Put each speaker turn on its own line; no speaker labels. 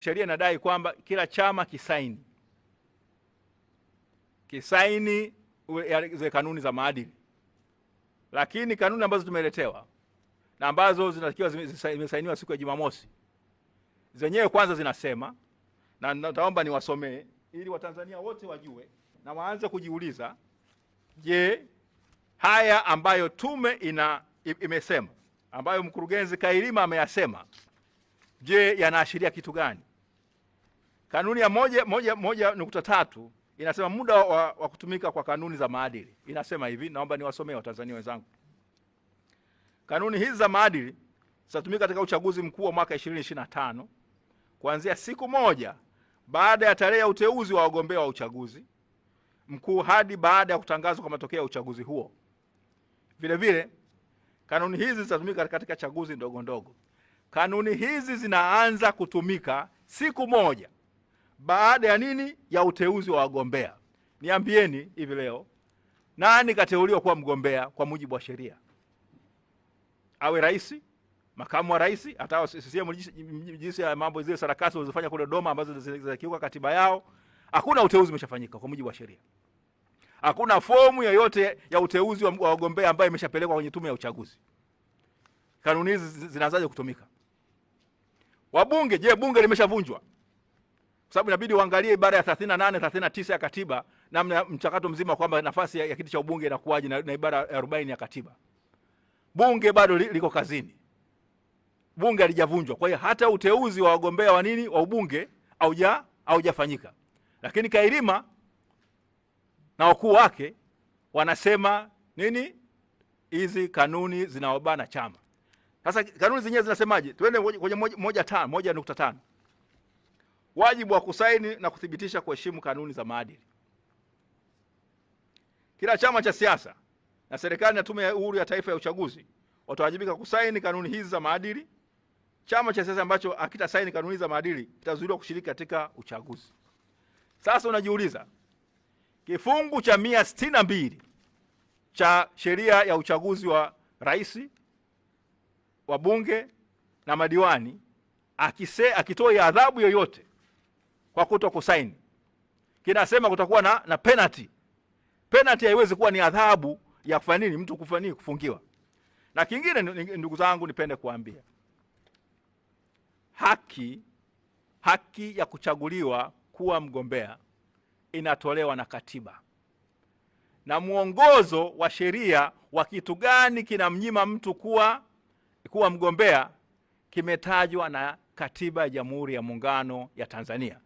Sheria inadai kwamba kila chama kisaini kisaini zile kanuni za maadili, lakini kanuni ambazo tumeletewa na ambazo zinatakiwa zimesainiwa siku ya Jumamosi zenyewe kwanza zinasema, na nataomba niwasomee ili Watanzania wote wajue na waanze kujiuliza, je, haya ambayo tume ina imesema ambayo mkurugenzi Kailima ameyasema, je, yanaashiria kitu gani? Kanuni ya moja, moja, moja nukta tatu inasema muda wa, wa kutumika kwa kanuni za maadili inasema hivi, naomba niwasomee Watanzania wenzangu. Kanuni hizi za maadili zitatumika katika uchaguzi mkuu wa mwaka 2025 kuanzia siku moja baada ya tarehe ya uteuzi wa wagombea wa uchaguzi mkuu hadi baada ya kutangazwa kwa matokeo ya uchaguzi huo. vile kanuni hizi zitatumika katika chaguzi ndogo ndogo. Kanuni hizi zinaanza kutumika siku moja baada ya nini ya uteuzi wa wagombea. Niambieni hivi leo, nani kateuliwa kuwa mgombea kwa mujibu wa sheria? Awe rais, makamu wa rais, hata CCM jinsi ya mambo zile sarakasi walizofanya kule Dodoma ambazo zinakiuka katiba yao, hakuna uteuzi umeshafanyika kwa mujibu wa sheria. Hakuna fomu yoyote ya uteuzi wa wagombea ambayo imeshapelekwa kwenye tume ya uchaguzi. Kanuni hizi zinaanzaje kutumika? Wabunge, je, bunge limeshavunjwa? kwa sababu inabidi uangalie ibara ya 38 39 ya katiba na mchakato mzima kwamba nafasi ya, ya kiti cha ubunge inakuwaje na, na ibara ya 40 ya katiba. Bunge bado li, liko kazini, bunge halijavunjwa. Kwa hiyo hata uteuzi wa wagombea wa nini wa ubunge auja haujafanyika, lakini Kailima na wakuu wake wanasema nini? Hizi kanuni zinawabana chama. Sasa kanuni zenyewe zinasemaje? Tuende kwenye moja, moja, moja, moja nukta tano wajibu wa kusaini na kuthibitisha kuheshimu kanuni za maadili. Kila chama cha siasa na serikali na Tume ya Uhuru ya Taifa ya Uchaguzi watawajibika kusaini kanuni hizi za maadili. Chama cha siasa ambacho akitasaini kanuni za maadili kitazuiliwa kushiriki katika uchaguzi. Sasa unajiuliza, kifungu cha mia sitini na mbili cha sheria ya uchaguzi wa rais, bunge na madiwani akise akitoa adhabu yoyote kwa kuto kusaini, kinasema kutakuwa na, na penalty. Penalty haiwezi kuwa ni adhabu ya kufanya nini mtu kufanya kufungiwa. Na kingine, ndugu zangu, nipende kuambia haki, haki ya kuchaguliwa kuwa mgombea inatolewa na katiba na mwongozo wa sheria wa kitu gani kinamnyima mtu kuwa kuwa mgombea kimetajwa na katiba ya Jamhuri ya Muungano ya Tanzania.